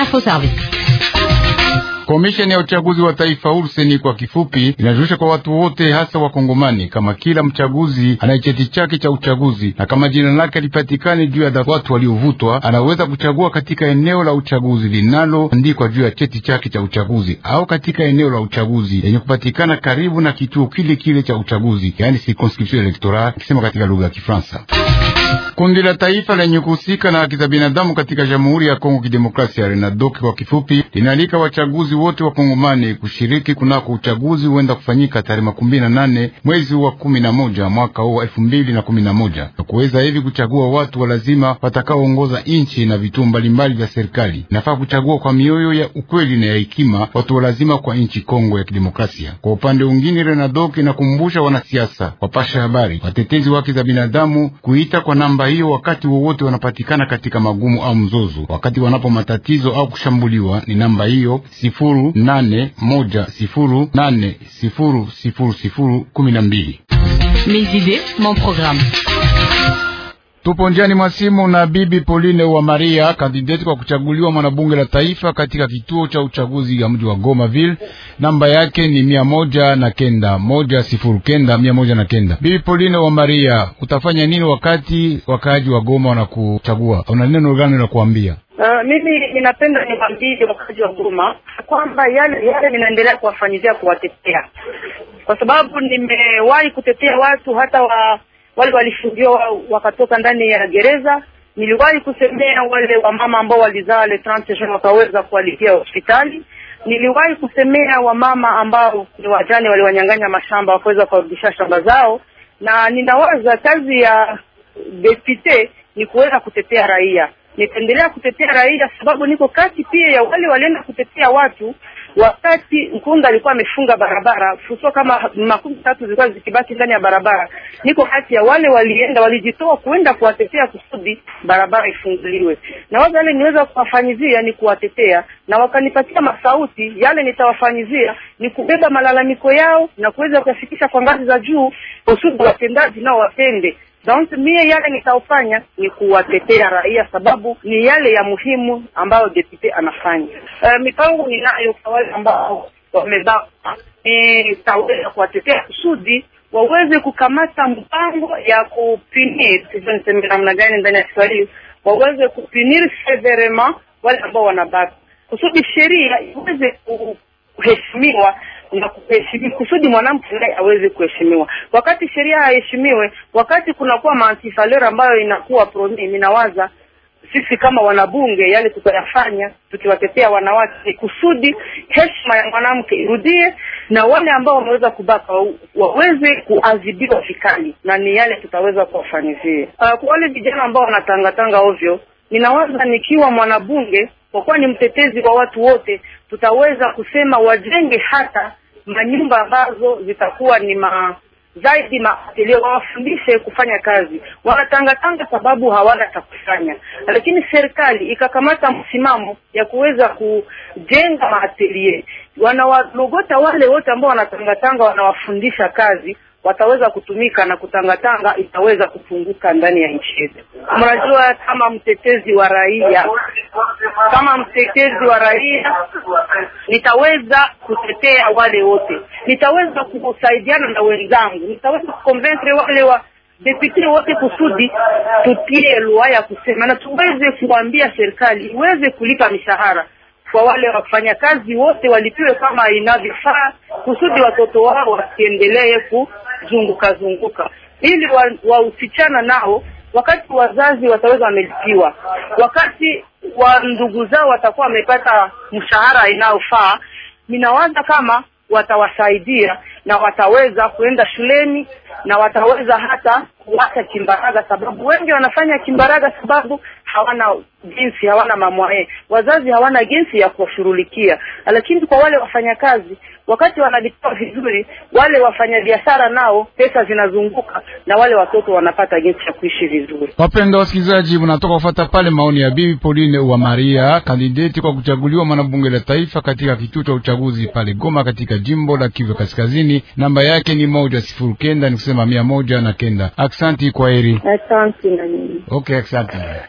Info Service. Komisheni ya uchaguzi wa taifa Urseni kwa kifupi inajulisha kwa watu wote, hasa Wakongomani, kama kila mchaguzi ana cheti chake cha uchaguzi na kama jina lake lipatikane juu ya watu waliovutwa, anaweza kuchagua katika eneo la uchaguzi linaloandikwa juu ya cheti chake cha uchaguzi au katika eneo la uchaguzi yenye kupatikana karibu na kituo kile kile cha uchaguzi, yaani circonscription electorale, kisema katika lugha ya Kifaransa. Kundi la taifa lenye kuhusika na haki za binadamu katika Jamhuri ya Kongo Kidemokrasia, RENADOK kwa kifupi, linaalika wachaguzi wote wa Kongomani kushiriki kunako uchaguzi huenda kufanyika tarehe makumi na nane mwezi wa kumi na moja mwaka huu wa elfu mbili na kumi na moja na kuweza hivi kuchagua watu wa lazima watakaoongoza nchi na vituo mbalimbali vya serikali. Inafaa kuchagua kwa mioyo ya ukweli na ya hekima watu wa lazima kwa nchi Kongo ya Kidemokrasia. Kwa upande mwingine, RENADOK inakumbusha wanasiasa, wapasha habari, watetezi wa haki za binadamu kuita kwa namba hiyo wakati wowote wanapatikana katika magumu au mzozo, wakati wanapo matatizo au kushambuliwa. Ni namba hiyo sifuru nane moja sifuru nane sifuru sifuru sifuru kumi na mbili. Mes idées mon programme Tupo njiani mwa simu na Bibi Pauline wa Maria, kandideti kwa kuchaguliwa mwanabunge la taifa katika kituo cha uchaguzi ya mji wa gomaville Namba yake ni mia moja na kenda moja sifuru kenda mia moja na kenda. Bibi Pauline wa Maria, utafanya nini wakati wakaaji wa Goma wanakuchagua? Una neno gani la kuambia? Uh, mimi ninapenda niwaambie wakazi wa Goma kwamba yale yale ninaendelea kuwafanyizia kuwatetea, kwa sababu nimewahi kutetea watu hata wa wale walifungiwa wakatoka ndani ya gereza. Niliwahi kusemea wale wamama ambao walizaa le 30 jours wakaweza kualikia hospitali. Niliwahi kusemea wamama ambao ni wajane waliwanyang'anya mashamba wakaweza kuwarudisha shamba zao, na ninawaza kazi ya depute ni kuweza kutetea raia. Nitaendelea kutetea raia sababu niko kati pia ya wale walienda kutetea watu wakati Nkunda alikuwa amefunga barabara, fuso kama makumi tatu zilikuwa zikibaki ndani ya barabara. Niko kati ya wale walienda, walijitoa kuenda kuwatetea kusudi barabara ifunguliwe, na wazo yale niweza kuwafanyizia ni kuwatetea, na wakanipatia masauti yale, nitawafanyizia ni kubeba malalamiko yao na kuweza kuyafikisha kwa ngazi za juu kusudi watendaji nao watende Donc mie yale nitaofanya ni kuwatetea raia, sababu ni yale ya muhimu ambayo depute anafanya. Uh, mipango ninayo kwa wale ambao wamebaka nitaweza kuwatetea kusudi waweze kukamata mpango ya kupinir, sijui niseme namna gani ndani ya Kiswahili, waweze kupinir severement wale ambao wanabaka kusudi sheria iweze kuheshimiwa kusudi mwanamke naye aweze kuheshimiwa. Wakati sheria haheshimiwe, wakati kunakuwa maantifaleur ambayo inakuwa promi, ninawaza sisi kama wanabunge yale tutayafanya tukiwatetea wanawake kusudi heshima ya mwanamke irudie, na wale ambao wameweza kubaka waweze kuadhibiwa vikali, na ni yale tutaweza kuwafanyizie. Uh, kwa wale vijana ambao wanatangatanga ovyo, ninawaza nikiwa mwanabunge, kwa kuwa ni mtetezi wa watu wote, tutaweza kusema wajenge hata manyumba ambazo zitakuwa ni ma zaidi maatelio wawafundishe kufanya kazi. Wanatangatanga sababu hawana cha kufanya, lakini serikali ikakamata msimamo ya kuweza kujenga maatelie. Wanawalogota wale wote ambao wanatangatanga, wanawafundisha kazi, wataweza kutumika na kutangatanga itaweza kupunguka ndani ya nchi yetu. Mnajua, kama mtetezi wa raia, kama mtetezi wa raia nitaweza kutetea wale wote, nitaweza kusaidiana na wenzangu, nitaweza kukonventre wale wa depute wote kusudi tutie lugha ya kusema na tuweze kuambia serikali iweze kulipa mishahara kwa wale wafanyakazi wote, walipiwe kama inavyofaa kusudi watoto wao wasiendelee kuzunguka zunguka, ili wausichana wa nao wakati wazazi wataweza wamelipiwa, wakati wa ndugu zao watakuwa wamepata mshahara inayofaa, ninawaza kama watawasaidia na wataweza kuenda shuleni na wataweza hata kuacha kimbaraga, sababu wengi wanafanya kimbaraga sababu hawana jinsi, hawana mamwae, wazazi hawana jinsi ya kuwashughulikia. Lakini kwa wale wafanyakazi, wakati wanalipwa vizuri, wale wafanyabiashara nao pesa zinazunguka na wale watoto wanapata jinsi ya kuishi vizuri. Wapenda wasikilizaji, mnatoka kufuata pale maoni ya Bibi Pauline wa Maria, kandideti kwa kuchaguliwa mwanabunge la taifa katika kituo cha uchaguzi pale Goma, katika jimbo la Kivu Kaskazini. Namba yake ni moja sifuri kenda, ni kusema mia moja na kenda. Aksanti, kwa heri. Asante na nini. Okay, asante.